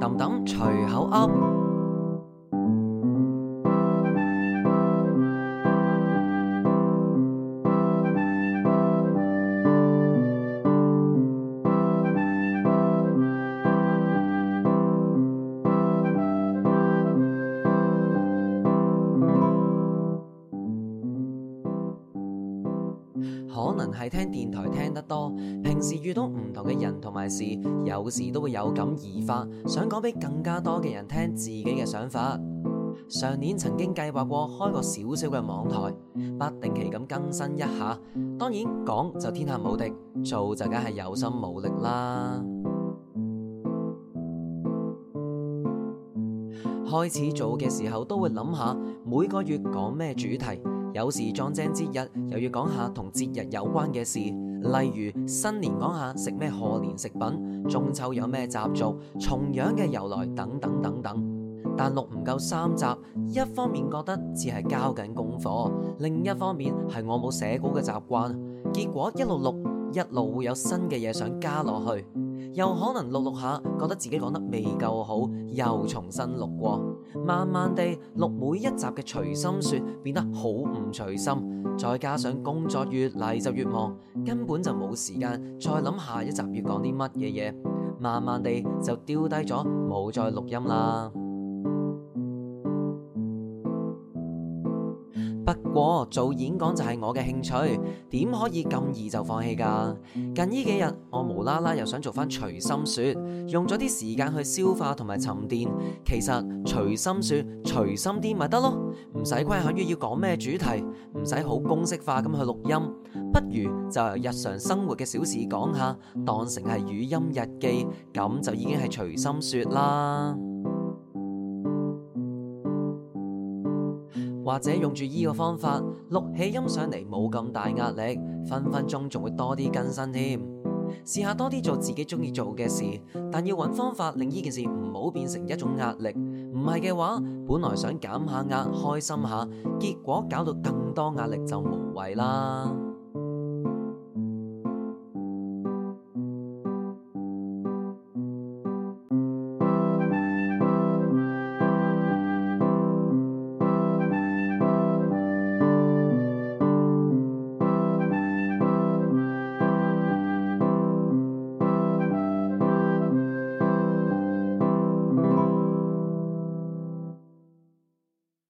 等等，吞吞隨口噏。可能係聽電台聽得多，平時遇到唔同嘅人同埋事，有時都會有感而發，想講俾更加多嘅人聽自己嘅想法。上年曾經計劃過開個小小嘅網台，不定期咁更新一下。當然講就天下無敵，做就梗係有心無力啦。開始做嘅時候都會諗下每個月講咩主題，有時撞正節日，又要講下同節日有關嘅事，例如新年講下食咩賀年食品，中秋有咩習俗，重陽嘅由來等等等等。但錄唔夠三集，一方面覺得只係交緊功課，另一方面係我冇寫稿嘅習慣，結果一路錄一路會有新嘅嘢想加落去。又可能錄一錄一下，覺得自己講得未夠好，又重新錄過。慢慢地錄每一集嘅隨心説，變得好唔隨心。再加上工作越嚟就越忙，根本就冇時間再諗下一集要講啲乜嘢嘢。慢慢地就丟低咗，冇再錄音啦。不過做演講就係我嘅興趣，點可以咁易就放棄噶？近呢幾日我無啦啦又想做返隨心説，用咗啲時間去消化同埋沉澱。其實隨心説隨心啲咪得咯，唔使規限於要講咩主題，唔使好公式化咁去錄音，不如就由日常生活嘅小事講下，當成係語音日記，咁就已經係隨心説啦。或者用住依個方法錄起音上嚟冇咁大壓力，分分鐘仲會多啲更新添。試下多啲做自己中意做嘅事，但要揾方法令呢件事唔好變成一種壓力。唔係嘅話，本來想減下壓，開心下，結果搞到更多壓力就無謂啦。